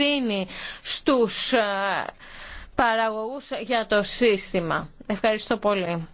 στου στους ε, παραγωγούς για το σύστημα. Ευχαριστώ πολύ.